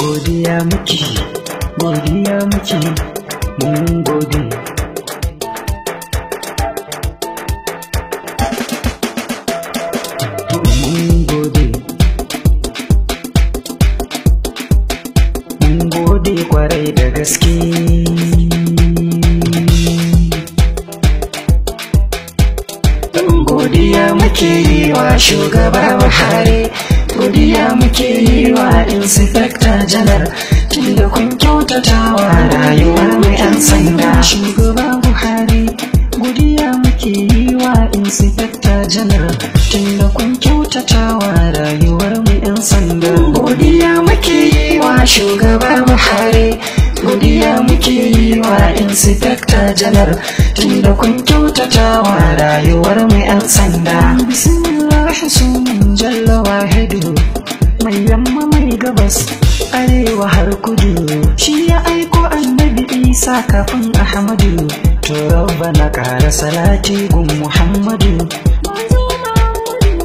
godiya muke godiya muke mun gode kwarai da gaske godiya muke yi wa shugaba buhari godiya muke yi wa inspector janar tunda kun kyautata wa rayuwar mu yan sanda Shugaban buhari godiya muke yi wa inspector janar tunda kun kyautata wa rayuwar mu yan sanda godiya muke yi wa shugaba buhari godiya muke yi wa inspector janar tunda kun kyautata wa rayuwar mu yan sanda sun jalla wahidu mai yamma mai gabas arewa har kudu shi ya aiko annabi isa kafin ahmadu to rabbana ƙara salati gun muhammadu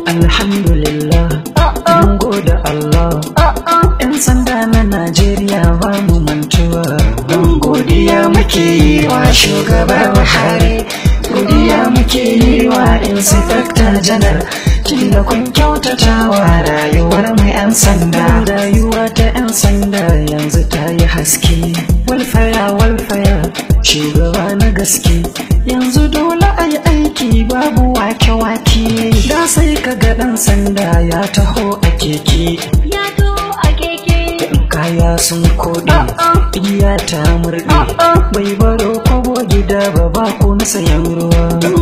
alhamdulillah uh-uh. mun da allah uh-uh. yan sanda na najeriya ba mu mantuwa don godiya muke yi wa shugaba buhari godiya muke yi wa inspector janar tunda kun kyautatawa rayuwar mai yan sanda rayuwa ta yan sanda yanzu ta yi haske walfaya walfaya shugaba na gaske yanzu dole a yi aiki babu wake-wake da sai ka ga ɗan sanda ya taho a keke ya taho a keke kaya sun koɗe uh-uh. iya ta murɗe uh-uh. bai baro kogo gida ba ba ko na sayan ruwa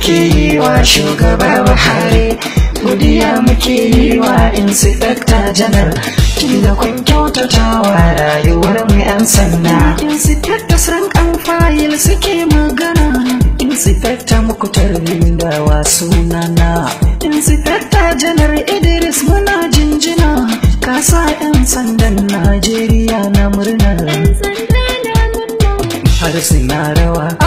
muke yi wa shugaba Buhari godiya muke yi wa inspector general da kun kyautata wa rayuwar mu an sanda inspector sun kan fayil suke magana inspector mukutar lindawa sunana inspector general Idris muna jinjina kasa yan sandan Najeriya na murna har suna rawa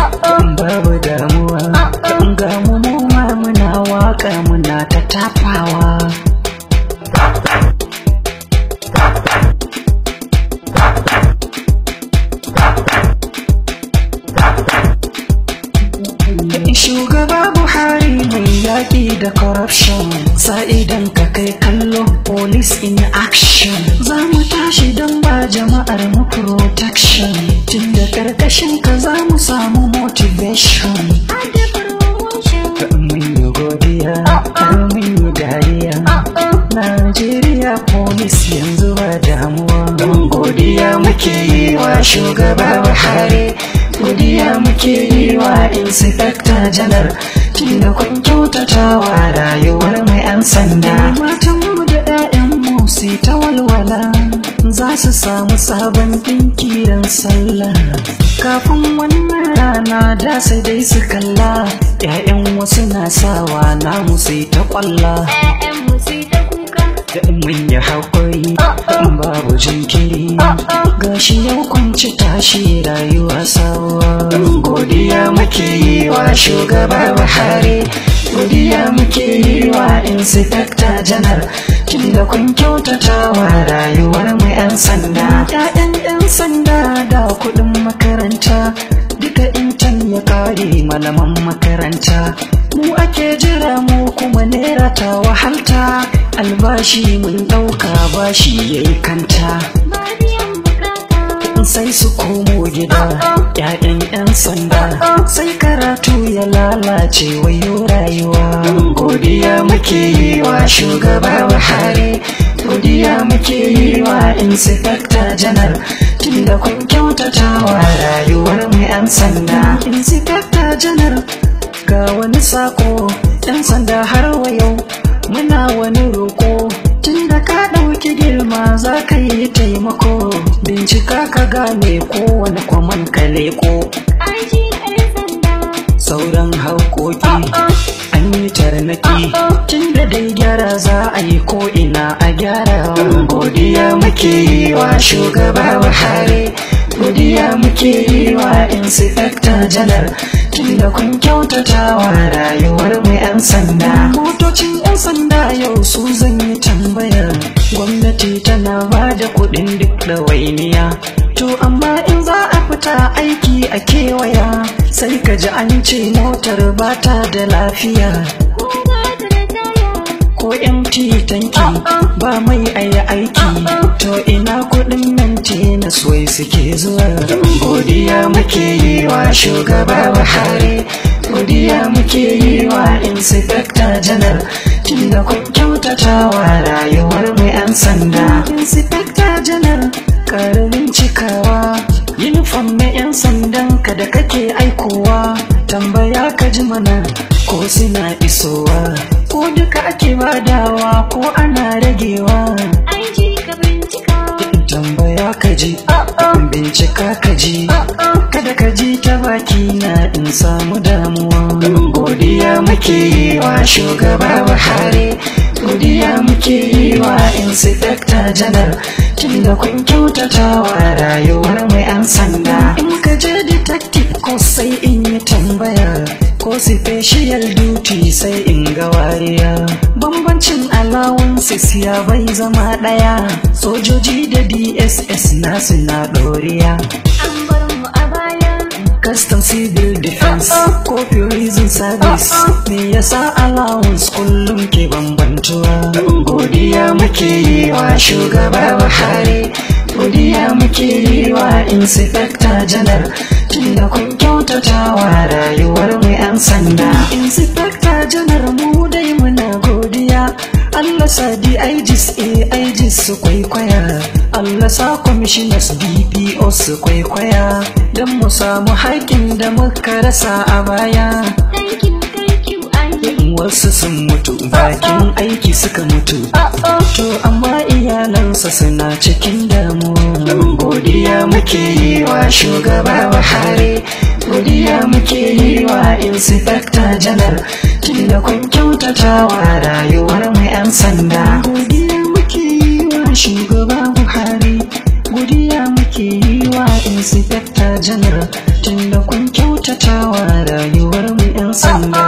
shugaba buhari mai yaƙi da corruption sa idan ka kai kallo police in action za mu tashi don ba jama'ar mu protection tun da karkashin ka za mu samu motivation godiya dariya Najeriya yanzu ba damuwa godiya muke yi shugaba buhari godiya muke yi wa inspector janar kila kun kyautata wa rayuwar mai an sanda matanmu da 'ya'yanmu sai ta walwala za su samu sabon ɗinki don sallah kafin wannan rana da sai dai su kalla 'ya'yan wasu na sawa namu sai ta kwalla mun yi haƙuri babu jinkiri gashi yau kwanci tashi rayuwa sawa. godiya muke yi wa shugaba buhari godiya muke yi wa inspector janar tun da kun kyautata wa rayuwar mai 'yan sanda 'ya'yan 'yan sanda da kuɗin makaranta ya kare malaman makaranta mu ake jira mu kuma nera ta wahalta albashi mun ɗauka bashi ya yi kanta sai su komo gida ‘ya'yan ‘yan sanda sai karatu ya lalace wayo rayuwa godiya muke yi wa shugaba buhari godiya muke yi wa inspector general da kun kyautata wa rayuwar mai an sanda inspector janar ga wani sako yan sanda har wa yau muna wani roko tun da ka ɗauki girma za ka yi taimako bincika ka gane kowane kwaman ka leko sauran harkoki. Uh-uh. an yi tarnaki uh-uh. tun da dai gyara za a yi ko ina muke yi wa shugaba buhari godiya muke yi wa inspector janar tunda kun kyautata wa rayuwar mu yan sanda motocin yan sanda yau su zan yi tambaya gwamnati tana ba da kuɗin duk da wainiya to amma in za a fita aiki a kewaya sai ka ji an ce motar ba ta da lafiya ko 'yan minti tanki ba mai ayi aiki to ina kudin minti na suke zuwa godiya muke yi wa shugaba buhari godiya muke yi wa inspector general tunda kun kyautata wa rayuwar mai an sanda inspector general karamin cikawa uniform na yan sandan ka da kake aikowa tambaya ka ji mana ko suna isowa ko duka ake badawa ko ana ragewa aiki ka bincika tambaya ka ji uh-uh. bincika ka ji uh-uh. kada ka ji ta baki na in samu damuwa godiya muke yi wa shugaba buhari godiya muke yi wa inspector janar tun da kun kyautata wa rayuwar mai an sanda in ka je detective ko sai in yi tambaya ko special duty sai in ga wariya bambancin allowances ya bai zama ɗaya sojoji da dss nasu na baya custom civil defense ko uh-uh. prison service uh-uh. me yasa allowance kullum ke bambantuwa godiya muke yi wa shugaba buhari godiya muke yi wa inspector general tunda kun kyautatawa rayuwar mai an sanda inspector janar mu dai muna godiya Allah sa DIGs AIGs su kwaikwaya Allah sa commissioners BPO su kwaikwaya don mu samu haƙin da muka rasa a baya wasu sun mutu bakin aiki suka mutu to amma iyalansa suna cikin damuwa godiya muke yi wa shugaba buhari godiya muke yi wa inspector janar tunda kun kyautata wa rayuwar mu 'yan sanda godiya muke yi wa shugaba buhari godiya muke yi wa inspector janar tunda kun kyautata wa rayuwar mu 'yan sanda